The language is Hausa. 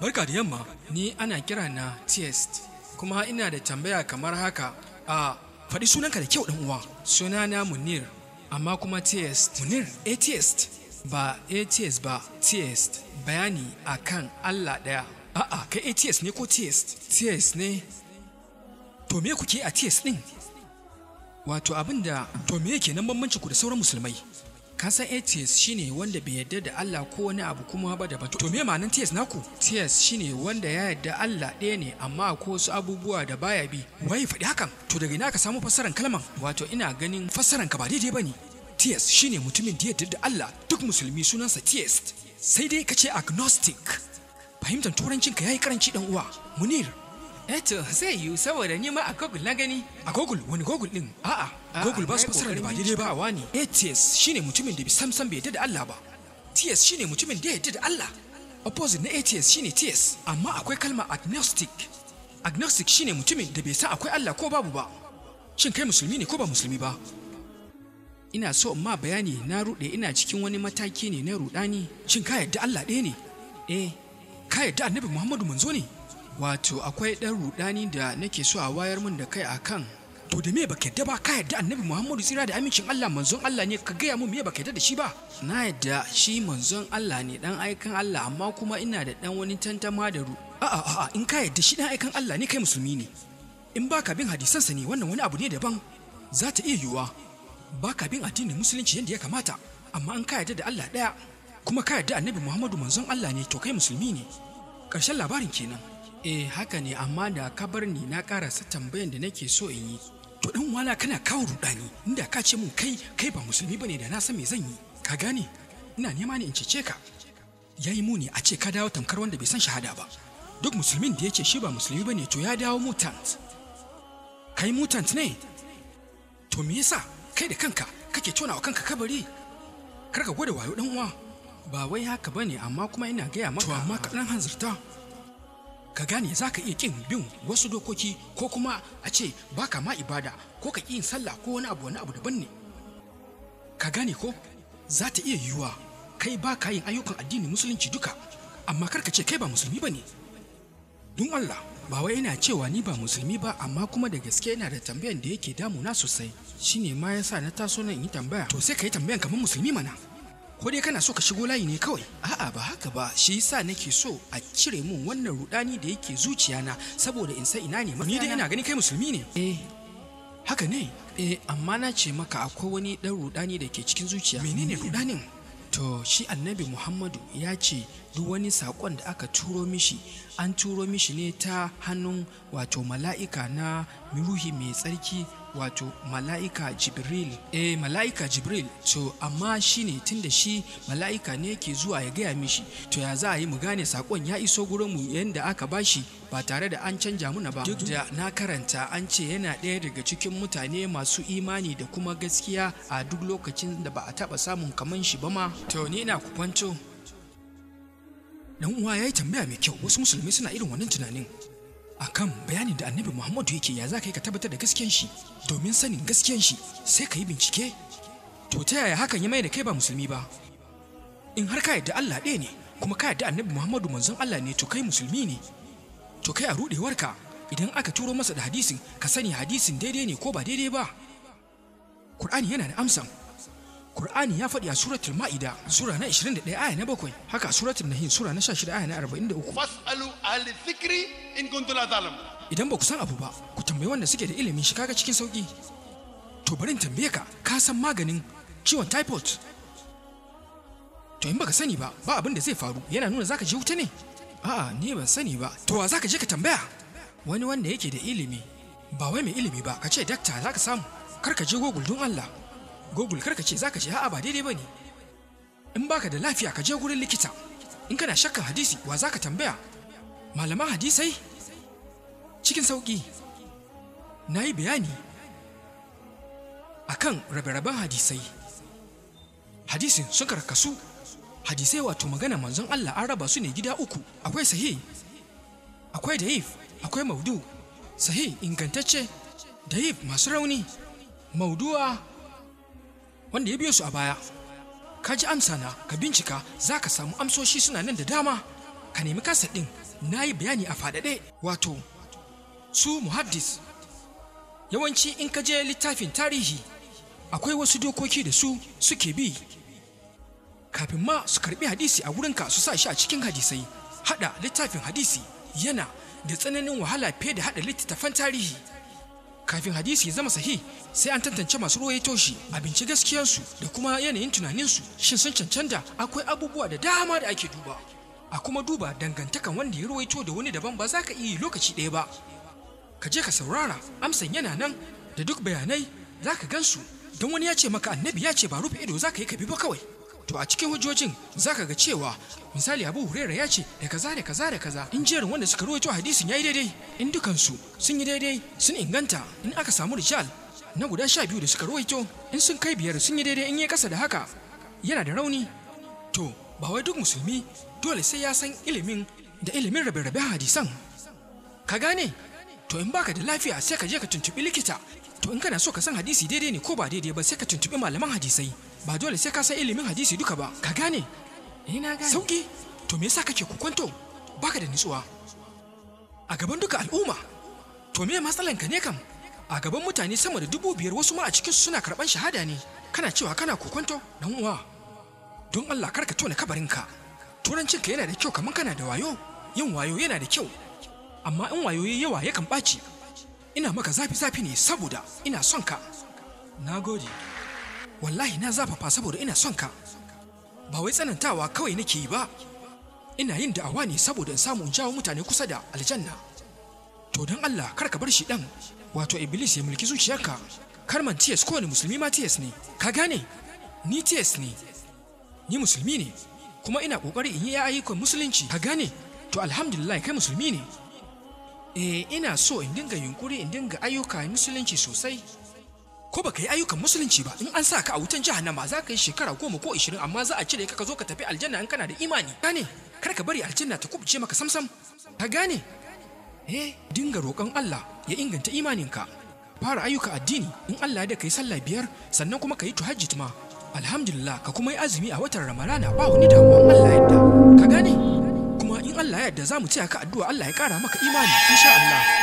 Barka da yamma, ni ana kira na Test, kuma ina da tambaya kamar haka a faɗi sunanka da kyau uwa. suna na Munir, amma kuma Test. Munir, atheist eh, ba atheist eh, ba, Test bayani akan Allah ɗaya. A'a, kai atheist eh, ne ko Test? Test ne. To me kuke a Test ɗin? Wato abin da to me yake nan bambanci ku da sauran musulmai? kasan eh, shi shine wanda bai yarda da Allah ko wani abu kuma ba da batu to me ma'anar ku? naku shi shine wanda ya yarda Allah ɗaya ne amma ko wasu abubuwa da baya bi wai faɗi hakan to daga ina ka samu fassarar kalmar? wato ina ganin fassaran ka ba daidai bane shi shine mutumin da yarda da Allah duk musulmi sunansa theist sai dai ka ce agnostic fahimtar turancin ka yi karanci dan uwa munir Eto eh zai yiwu saboda ni ma a Google na gani. A Google wani Google din? A'a, Google ba su kusa da ba daidai ba wani. ATS eh, shine mutumin da bi samsam bai yadda da Allah ba. TS shine mutumin da ya yadda da Allah. Opposite na ATS shine TS, amma akwai kalma agnostic. Agnostic shine mutumin da bai san akwai Allah ko babu ba. Shin kai musulmi ne ko ba musulmi ba? Ina so in ma bayani na rude ina cikin wani mataki ne na rudani. Shin ka yadda Allah ɗaya ne? Eh, ka yadda Annabi Muhammadu manzo ne? wato akwai ɗan rudani da nake so a wayar mun da kai akan to da me baka yadda ba ka yadda annabi muhammadu tsira da amincin allah manzon allah ne ka gaya mun me baka yadda da shi ba na yadda shi manzon allah ne dan aikan allah amma kuma ina da dan wani tantama da ru a'a a'a in ka yadda shi dan aikan allah ne kai musulmi ne in baka bin hadisan sa ne wannan wani abu ne daban za ta iya yiwuwa baka bin addinin musulunci yadda ya kamata amma an ka yadda da allah ɗaya kuma ka yadda annabi muhammadu manzon allah ne to kai musulmi ne ƙarshen labarin kenan eh haka ne amma da ka bar ni na karasa tambayan da nake so in yi to dan wala kana kawo rudani inda ka ce mun kai kai ba musulmi bane da na san me zan yi ka gane ina nema ne in cece ka yayi muni a ce ka dawo tamkar wanda bai san shahada ba duk musulmin da yake shi ba musulmi bane to ya dawo mutant kai mutant ne to me yasa kai da kanka kake tona wa kanka kabari ka gwada wayo dan uwa ba wai haka bane amma kuma ina gaya maka to amma ka dan hanzarta ka gane za ka iya kin bin wasu dokoki ko kuma a ce ba ka ma ibada ko ka yin sallah ko wani abu wani abu daban ne ka gane ko za ta iya yiwuwa kai ba ka yin ayyukan addini musulunci duka amma kar ka ce kai ba musulmi ba ne don allah ba wai ina cewa ni ba musulmi ba amma kuma da gaske yana da tambayan da yake damu na sosai shine ma yasa na taso nan yi tambaya to sai ka yi tambayan kamar musulmi mana ko dai kana so ka shigo layi ne kawai a'a ba haka ba shi yasa nake so a cire mun wannan rudani da yake zuciya na saboda in san ina ne ni dai ina gani kai musulmi ne eh haka ne eh amma na ce maka akwai wani dan rudani da ke cikin zuciya menene hmm. rudanin to shi annabi muhammadu ya ce duk wani saƙon da aka turo mishi an turo mishi ne ta hannun wato mala'ika na ruhi mai tsarki wato mala'ika jibril eh mala'ika jibril to amma shi ne tunda shi mala'ika ne ke zuwa ya gaya mishi to ya za a yi mu gane sakon ya iso gurin mu yanda aka bashi ba tare da an canja muna ba duk da na karanta an ce yana ɗaya daga cikin mutane masu imani da kuma gaskiya a duk lokacin da ba a taɓa samun kaman shi ba ma to ni na kwanto dan uwa yayi tambaya mai kyau wasu musulmi suna irin wannan tunanin akan bayanin da annabi muhammadu yake ya za ka yi ka tabbatar da gaskiyan shi domin sanin gaskiyan shi sai ka yi bincike to ta yaya hakan ya mai da kai ba musulmi ba in har ka yadda allah ɗaya ne kuma ka yadda annabi muhammadu manzon allah ne to kai musulmi ne to kai a ka idan aka turo masa da hadisin ka sani hadisin daidai ne ko ba daidai ba Kur'ani yana da amsan Qur'ani ya faɗi a suratul Ma'ida sura na 21 aya na 7 haka suratul Nahl sura na 16 aya na 43 fasalu ahli dhikri in kuntum la idan ba ku san abu ba ku tambayi wanda suke da ilimin shi kaga cikin sauki to bari in tambaye ka ka san maganin ciwon typhoid to in baka sani ba ba abin da zai faru yana nuna zaka je wuta ne a'a ni ban sani ba to wa zaka je ka tambaya wani wanda yake da ilimi ba wai mai ilimi ba ka ce dakta zaka samu kar ka je gogul don Allah gogul karka ce zaka ce a'a ba daidai bane in baka da lafiya ka je gurin likita in kana shakkan hadisi wa ka tambaya malaman hadisai cikin sauki na yi bayani akan rabe-raben hadisai hadisin sun karkasu hadisai wato magana manzon Allah an raba su ne gida uku akwai sahi. akwai da'if akwai maudu sahih ingantacce da'if masu rauni mauduwa. wanda ya biyo su a baya ka ji amsa na ka bincika za ka samu amsoshi suna nan da dama ka nemi kasa ɗin na yi bayani a faɗaɗe wato su muhaddis yawanci in ka je littafin tarihi akwai wasu dokoki da su suke bi kafin ma su karbi hadisi a wurinka su sa shi a cikin hadisai hada littafin hadisi yana da tsananin wahala fiye da hada littattafan tarihi kafin hadisi ya zama sahi sai an tantance masu ruwaito shi abinci gaskiyarsu da kuma yanayin tunaninsu shin sun cancanta akwai abubuwa da dama da ake duba a kuma duba dangantakan wanda ya ruwaito da wani daban ba za ka iya lokaci ɗaya ba ka je ka saurara amsan yana nan da duk bayanai za ka gansu don wani ya ce maka annabi ya ce ba rufe ido za ka yi ka bi ba kawai to a cikin hujjojin za ka ga cewa misali abu hurera ya ce da kaza da kaza da kaza in jerin wanda suka rawaito hadisin ya yi daidai in dukansu sun yi daidai sun inganta in aka samu rijal na guda sha biyu da suka rawaito in sun kai biyar sun yi daidai in ya kasa da haka yana da rauni to ba wai duk musulmi dole sai ya san ilimin da ilimin rabe-rabe hadisan ka gane to in baka da lafiya sai ka je ka tuntubi likita to in kana so ka san hadisi daidai ne ko ba daidai ba sai ka tuntubi malaman hadisai ba dole sai ka san ilimin hadisi duka ba ka gane ina eh, na gane sauki to me yasa kake kukwanto baka da nutsuwa a gaban duka al'umma to me matsalan ka ne kam a gaban mutane sama da dubu biyar wasu ma a cikin suna karban shahada ne kana cewa kana kukwanto dan uwa don Allah kar ka tona ka turancin ka yana da kyau kaman kana da wayo yin wayo yana da kyau amma in wayo yayi yawa yakan ɓaci ina maka zafi zafi ne saboda ina son ka nagode wallahi na zafafa saboda ina son ka ba wai tsanantawa kawai nake yi ba ina yin da'awa ne saboda in samu in jawo mutane kusa da aljanna to don Allah kar ka bar shi dan wato iblis ya mulki zuciyarka Kar man tiyas kowane musulmi ma tiyas ne ka gane ni tiyas ne ni musulmi ne kuma ina kokari in yi ayyukan musulunci ka gane to alhamdulillah kai musulmi ne eh ina so in dinga yunkuri in dinga ayyuka musulunci sosai ko baka yi ayyukan musulunci ba in an sa ka a wutan jahannama za ka yi shekara goma ko ishirin amma za a cire ka ka zo ka tafi aljanna in kana da imani gane kar ka bari aljanna ta kubce maka samsam ka gane eh dinga roƙon Allah ya inganta imaninka fara ayyuka addini in Allah ya da kai sallah biyar sannan kuma ka yi tuhajjit ma alhamdulillah ka kuma yi azumi a watan ramadana ba wani damuwa Allah ya yarda ka gane kuma in Allah ya yarda za mu taya ka addu'a Allah ya kara maka imani insha Allah